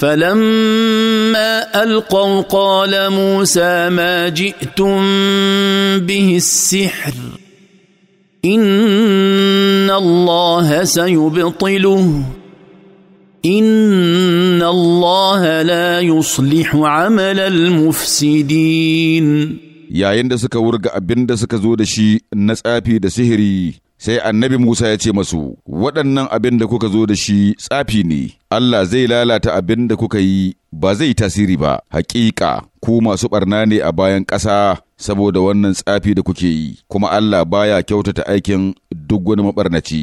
فلما القوا قال موسى ما جئتم به السحر ان الله سيبطله ان الله لا يصلح عمل المفسدين يا عند suka wurga abin da suka zo da shi sai annabi Musa ya ce masu, waɗannan abin da kuka zo da shi tsafi ne, Allah zai lalata abin da kuka yi ba zai tasiri ba, Haƙiƙa, ko masu ɓarna ne a bayan ƙasa saboda wannan tsafi da kuke yi, kuma Allah baya kyautata aikin duk wani maɓarnaci.